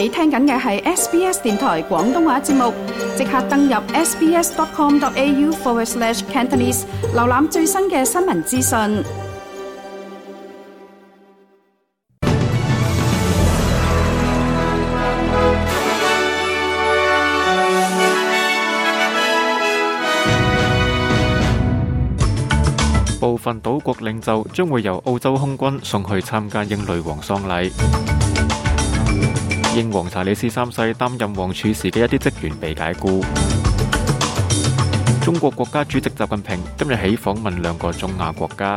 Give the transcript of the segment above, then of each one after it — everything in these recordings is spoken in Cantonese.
你聽緊嘅係 SBS 電台廣東話節目，即刻登入 sbs.com.au forward slash cantonese，瀏覽最新嘅新聞資訊。部分島國領袖將會由澳洲空軍送去參加英女王喪禮。英皇查理斯三世擔任王儲時嘅一啲職員被解雇。中國國家主席習近平今日起訪問兩個中亞國家。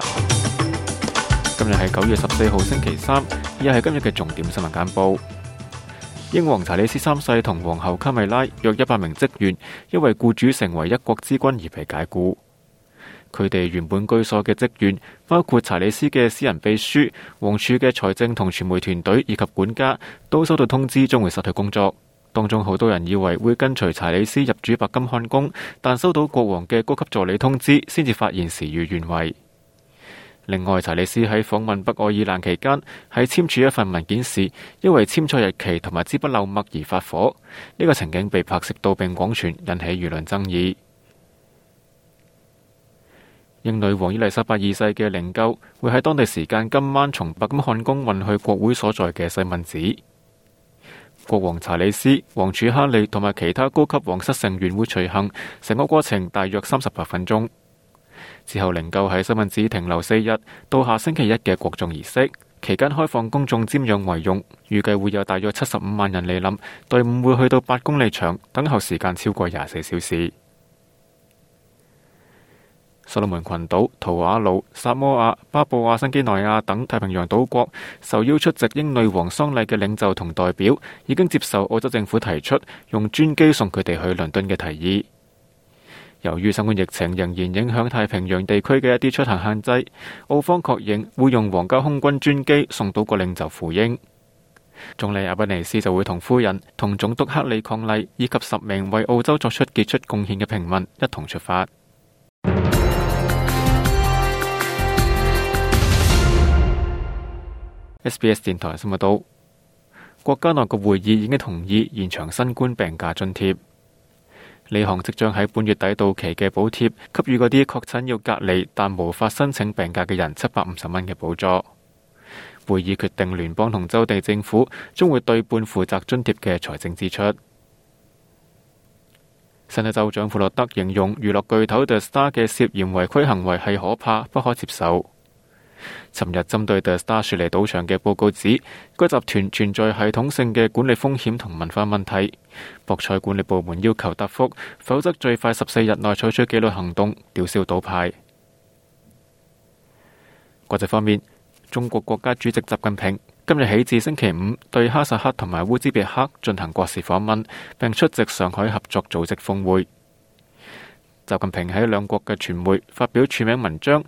今日係九月十四號星期三，亦係今日嘅重點新聞簡報。英皇查理斯三世同皇后卡米拉約一百名職員，因為僱主成為一國之君而被解雇。佢哋原本居所嘅職員，包括查理斯嘅私人秘書、王儲嘅財政同傳媒團隊以及管家，都收到通知，將會失去工作。當中好多人以為會跟隨查理斯入主白金漢宮，但收到國王嘅高級助理通知，先至發現事與願違。另外，查理斯喺訪問北愛爾蘭期間，喺簽署一份文件時，因為簽錯日期同埋支筆漏墨而發火，呢、這個情景被拍攝到並廣傳，引起輿論爭議。英女王伊麗莎白二世嘅靈柩會喺當地時間今晚從白金漢宮運去國會所在嘅 Westminster，國王查理斯、王儲哈利同埋其他高級皇室成員會隨行。成個過程大約三十八分鐘。之後靈柩喺 Westminster 停留四日，到下星期一嘅國葬儀式期間開放公眾瞻仰為用，預計會有大約七十五萬人嚟臨，隊伍會去到八公里長，等候時間超過廿四小時。所羅門群島、圖瓦盧、薩摩亞、巴布亞新幾內亞等太平洋島國受邀出席英女王喪禮嘅領袖同代表，已經接受澳洲政府提出用專機送佢哋去倫敦嘅提議。由於新冠疫情仍然影響太平洋地區嘅一啲出行限制，澳方確認會用皇家空軍專機送島國領袖赴英。總理阿賓尼斯就會同夫人、同總督克里伉儷以及十名為澳洲作出傑出貢獻嘅平民一同出發。SBS 電台新聞道，國家內閣會議已經同意延長新冠病假津貼。呢項即將喺本月底到期嘅補貼，給予嗰啲確診要隔離但無法申請病假嘅人七百五十蚊嘅補助。會議決定，聯邦同州地政府將會對半負責津貼嘅財政支出。新任州長弗洛德形容娛樂巨頭 The Star 嘅涉嫌違規行為係可怕、不可接受。.尋日針對 The Star 雪梨賭場嘅報告指，該集團存在系統性嘅管理風險同文化問題。博彩管理部門要求答覆否則最快十四日內採取，取紀律行動，吊銷賭牌。國際方面，中國國家主席習近平今日起至星期五對哈薩克同埋烏茲別克進行國事訪問，並出席上海合作組織峰會。習近平喺兩國嘅傳媒發表署名文章。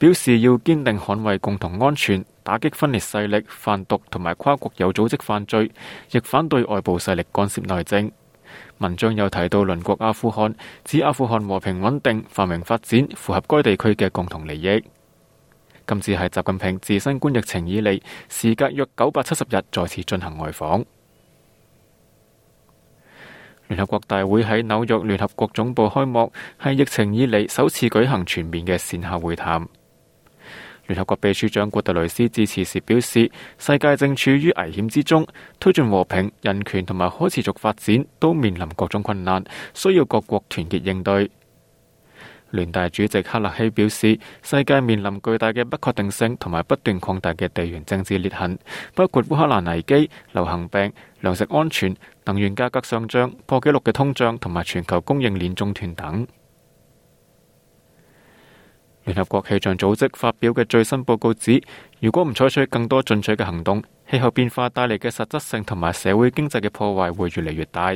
表示要堅定捍衛共同安全，打擊分裂勢力、販毒同埋跨國有組織犯罪，亦反對外部勢力干涉內政。文章又提到鄰國阿富汗，指阿富汗和平穩定、繁榮發展，符合該地區嘅共同利益。今次係習近平自新冠疫情以嚟，時隔約九百七十日再次進行外訪。聯合國大會喺紐約聯合國總部開幕，係疫情以嚟首次舉行全面嘅線下會談。聯合國秘書長古特雷斯致辭時表示，世界正處於危險之中，推進和平、人權同埋可持續發展都面臨各種困難，需要各國團結應對。聯大主席克勒希表示，世界面臨巨大嘅不確定性同埋不斷擴大嘅地緣政治裂痕，包括烏克蘭危機、流行病、糧食安全、能源價格上漲、破紀錄嘅通脹同埋全球供應鏈中斷等。聯合國氣象組織發表嘅最新報告指，如果唔採取更多進取嘅行動，氣候變化帶嚟嘅實質性同埋社會經濟嘅破壞會越嚟越大。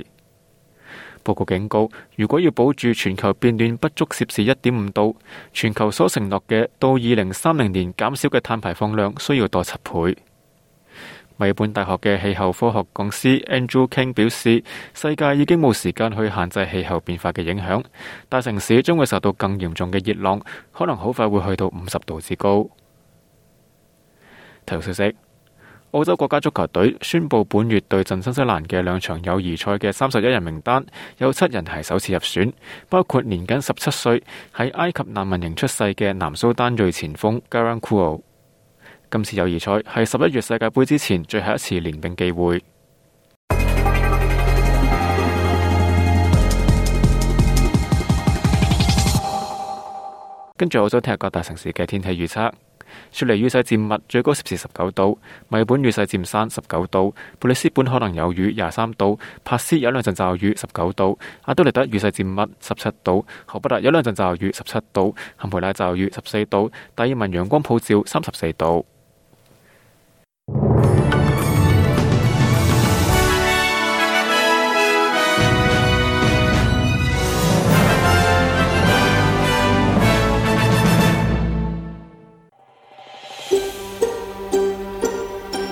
報告警告，如果要保住全球變暖不足攝氏一點五度，全球所承諾嘅到二零三零年減少嘅碳排放量需要多七倍。墨爾本大學嘅氣候科學講師 Andrew King 表示，世界已經冇時間去限制氣候變化嘅影響，大城市將會受到更嚴重嘅熱浪，可能好快會去到五十度之高。體育消息：澳洲國家足球隊宣布本月對陣新西蘭嘅兩場友誼賽嘅三十一人名單，有七人係首次入選，包括年僅十七歲喺埃及難民營出世嘅南蘇丹裔前鋒 Garang Kuol。今次友誼賽係十一月世界杯之前最後一次聯兵機會。跟住我想聽下各大城市嘅天氣預測。雪梨雨勢漸密，最高攝氏十九度；墨爾本雨勢漸山，十九度；布里斯本可能有雨，廿三度；帕斯有兩陣驟雨，十九度；阿德利德雨勢漸密，十七度；赫伯特有兩陣驟雨，十七度；坎培拉驟雨十四度；達爾文陽光普照，三十四度。